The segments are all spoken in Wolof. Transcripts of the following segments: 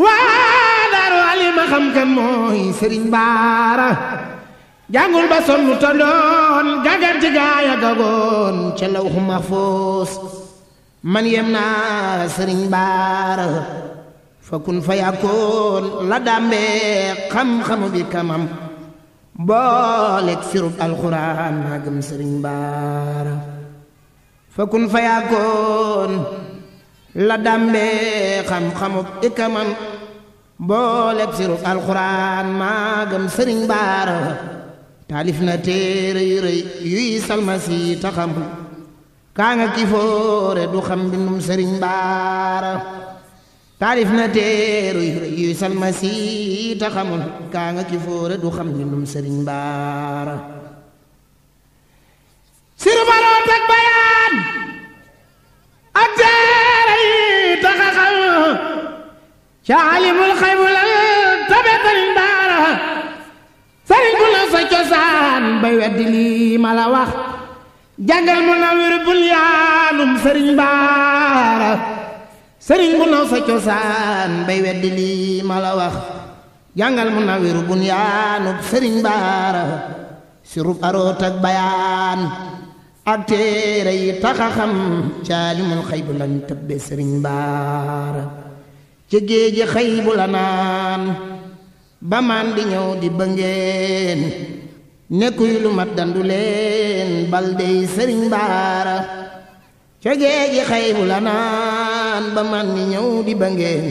waa daaru alima xam kan mooy sëriñ baara jàngul ba sonnu tondoon gaganti gaaya gagoon ca lawhu mahfuus man yem naa sëriñ baara fa kun fa yàkkoon la dàmbe xam-xamu bi kamam booleeg firub alxuraan maa gëm sëriñ baara fa kun fa yàkkoon la dàmbee xam-xamub ikaman booleeg sirub alxuraan maagam sëriñ baara taalif na téere yu rëy yuy salmasi taxamul kaa nga kifoore du xam bindum sëriñ baara taalif na téere yu yuy salmasi taxamul kaa kifoore du xam bindum sëriñ baara ca alimul xaybu la tabe sëriñ baara sëriñ bu la sa cosaan bay weddi lii ma la wax jàngal mu nawir bul yaanum sëriñ baara sëriñ bu naw sa cosaan bay weddi lii ma la wax jàngal mu nawir bul yaanum sëriñ baara sirub aroot ak bayaan ak téere yi taxa xam ca xaybu lañ tëbbe sëriñ baara ca géeje xëy bu la naan ba maan di ñëw di bëngeen nekkuy lu mat dandu leen bal dey sëriñ baara ca géeje xëy bu ba maan di ñëw di bëngeen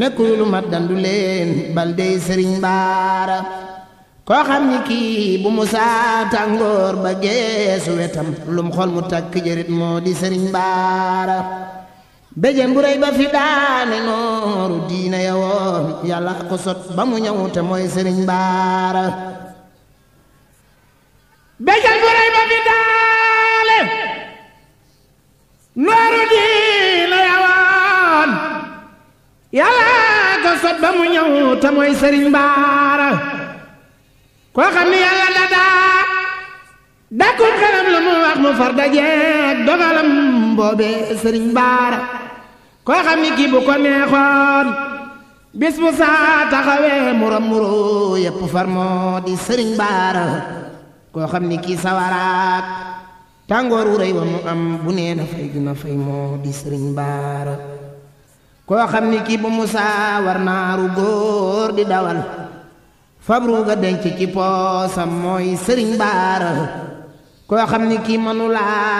nekkuy lu mat dandu leen bal dey sëriñ baara koo xam ni kii bu mu saa tàngoor ba geesu wetam lum xol mu takk jërit moo di sëriñ baara béjjén bu ba fi daane nooru diine ya woon yàlla ko sot ba mu ñëw te mooy sëriñ baara koo xam ni yàlla daa dàkkul xelam lu mu wax mu far dajeeg dogalam boobee sëriñ baara koo xam ni kii bu ko neexoon bis bu saa taxawee muram muro yëpp far moo di sëriñ baara koo xam ni kii sawaraat tàngoor wu wa mu am bu nee na fay dina fay moo di sëriñ baara koo xam ni kii bu musaa war naaru góor di dawal fabru ga denc ci poosam mooy sëriñ baara koo xam ni kii manulaa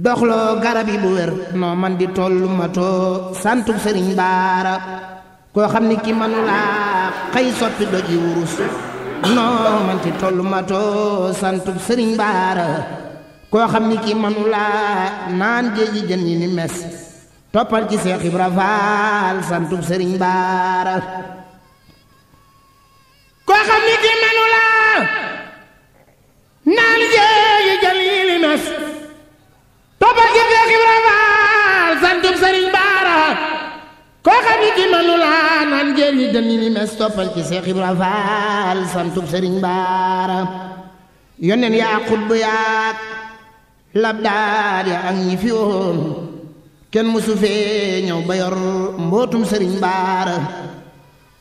doxloo garab yi bu wér noo man di tollu mato santu sëriñ baara koo xam ni ki manulaa xëy sotti doji wurus noo man di tollu matoo santu sëriñ baara koo xam ni ki manulaa naan géeji jën yi ni mes toppal ci Seex Ibra Faal sëriñ baara koo xam ni ki manulaa naan géej koo xam ni ki manu laa naan géer ñi dënni ci Seex Ibra Faal santub Sëriñ Baara yónneen yaa xutbu yaak labdaar ya ak ñi fi woon kenn musu fee ñëw mbootum Sëriñ Baara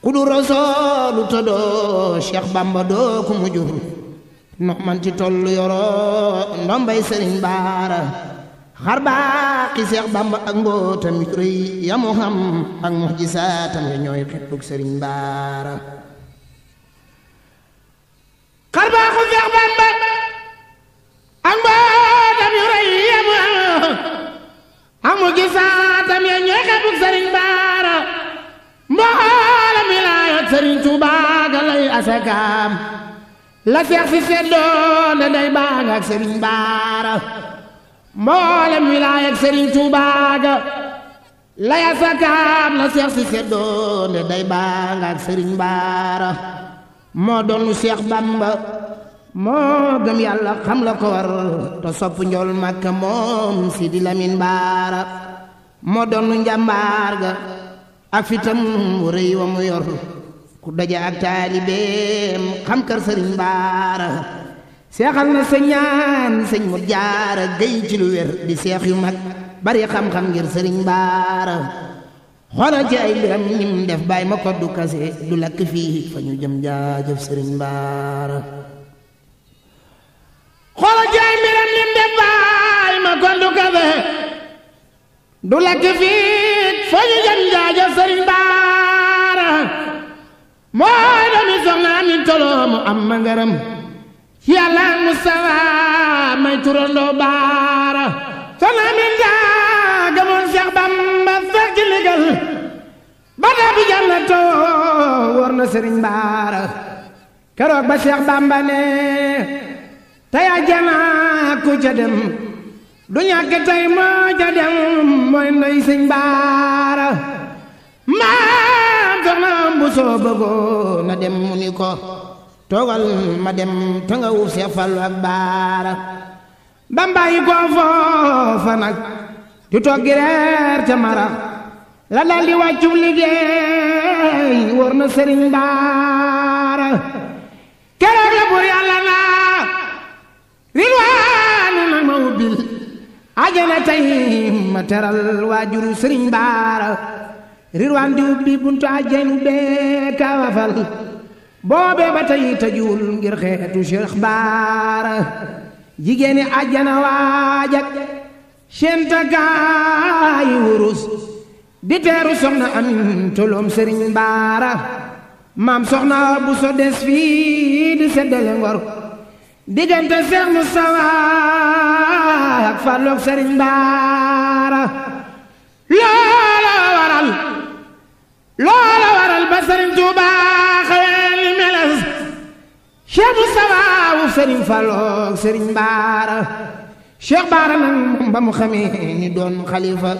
ku du rasoolu doo Cheikh Bamba doo ku mu jur nox man ci toll Sëriñ Baara xarbaaxi seex bàmba ak mbootam yu rëy yamu xam ak muxjisaatam ya ñooy xeppug sëriñ baara xarbaaxu seex bàmba ak mbootam yu rëy yamu xam ak muxjisaatam ya ñooy xeppug sëriñ baara mboolam wilaayat sëriñ Tuubaa ga lay asakaam la seex si seddoon day baag ak sëriñ baara mboolem wilaay ak Serigne Touba ga laya sakaam la seex si seddoon day baa nga ak Serigne Baara moo doonu Seex Bamba moo gëm yàlla xam la ko war te sopp njool Makka moom si di Lamin Baara moo doonu njàmbaar ga ak rëy wa mu yor ku daje ak taalibeem xam kër Serigne Baara seexal na sa ñaan sëñ mu jaara géy ci lu wér di seex yu mag bari xam-xam ngir sëriñ baara xoolal ci ay mbiram ñim def bàyyi ma ko kase du lakk fii fa ñu jëm jaajëf sëriñ baara xoolal ci ay mbiram ñim def bàyyi am ma ngaram yàlla mu sawa may turandoo baara fanaa min daa gamoon Seex Bamba fekk ligal ba daabi jànnatoo wóor na sëriñ baara keroog ba Seex Bamba ne tey ajjana ku ca dem du ñàkk tey moo ca dem mooy ndoy sëñ baara maa soxna bu soo bëggoon na dem mu ni ko toogal ma dem te nga wuuf see falu baara bambayi koo foofa nag di toggi ca mara la dal di wàccum liggéey wóor na sëriñ baara keroog la bur yàlla naa rilwaanu ma ubbil ajana tey ma teral waajuru sëriñ baara rilwaan ubbi buntu ajanu bee kaawafal boobee ba tey tëjuwul ngir xeetu Cheikh Baara jigéeni àjjana waajak sentagaayi wurus di teeru soxna amin toloom sëriñ Baara maam soxna bu so des fii di seddale ngor diggante Seex Mustafa ak Falloog sëriñ Baara loola waral loola waral ba sëriñ Tuubaa sëriñ Fallu sëriñ Baara Cheikh Baara nag ba mu xamee ni doon xalifa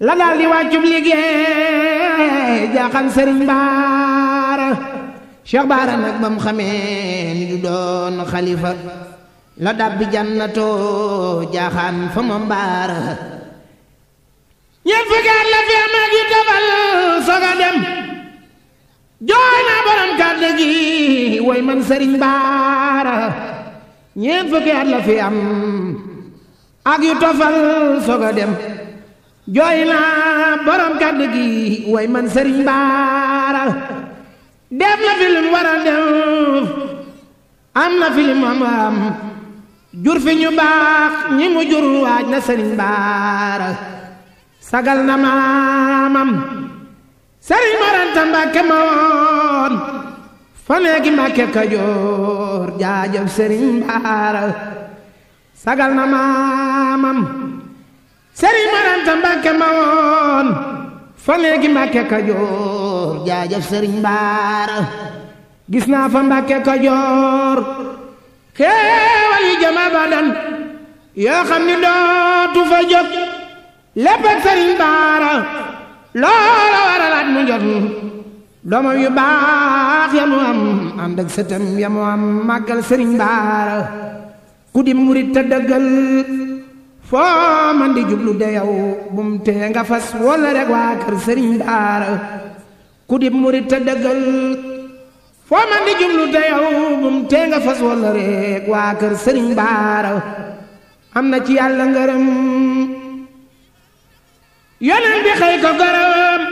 la daal di wàccub liggéey jaaxal sëriñ Baara Cheikh Baara nag ba mu xamee ni du doon xalifa la dab jannatoo jaaxaan fa ma Baara ñeent fukki la fi am ak yu tafal dem jooy naa borom kàddu gi way man sëriñ baara ñeent fukki at la fi am ak yu tofal soog dem jooy naa borom kàddu gi way man sëriñ baara def na fi lim war am na fi am am jur fi ñu baax ñi mu jur waaj na sëriñ baara sagal na maamam sëriñ Maranta Mbàkke ma woon fa neegi Kajoor jaajëf sëriñ Baara sagal na maamam sëriñ Maranta Mbàkke ma woon fa neegi Kajoor jaajëf sëriñ Baara gis naa Kajoor xéewal yi jama badan yoo xam ni dootu fa jóg lépp ak sëriñ loola waralaat mu jot doomam yu baax ya mu am ànd ak sëtam am màggal sëriñ baara ku di murit te foo man di jublu de yow bum nga fas wala rek waa kër sëriñ baara ku di murit te foo man di jublu de yow bum nga fas wala rek waa kër sëriñ baara am na ci yàlla ngërëm yoneen bi xëy ko gërëm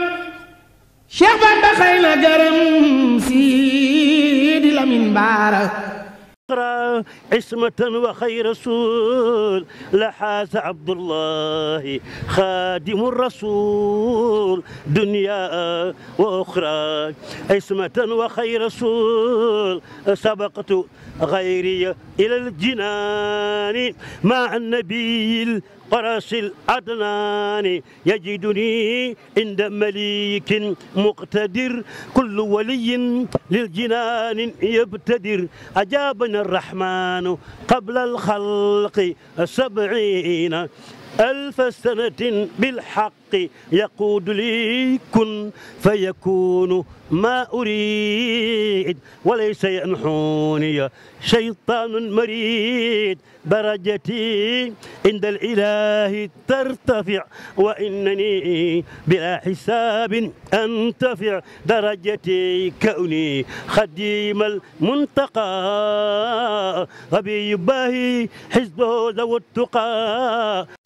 Cheikh Bamba xëy na gërëm Sidi Lamine Bara عصمة وخير رسول لحاز عبد الله خادم الرسول دنيا وأخرى عصمة وخير رسول سبقت غيري إلى الجنان مع النبي قرص الأدنان يجدني عند مليك مقتدر كل ولي للجنان يبتدر أجابنا الرحمن الرحمن قبل الخلق سبعين alfa sanatin bilxaqi yaquudu li kun fa yakunu ma urid walaysa yanxuuniya cheytaanun marid darajati inda alilahi tartafic wa innani bila xisaabin antafic darajati kawni xadima almuntaqa rabiyu baahi xisbo dawa tuqa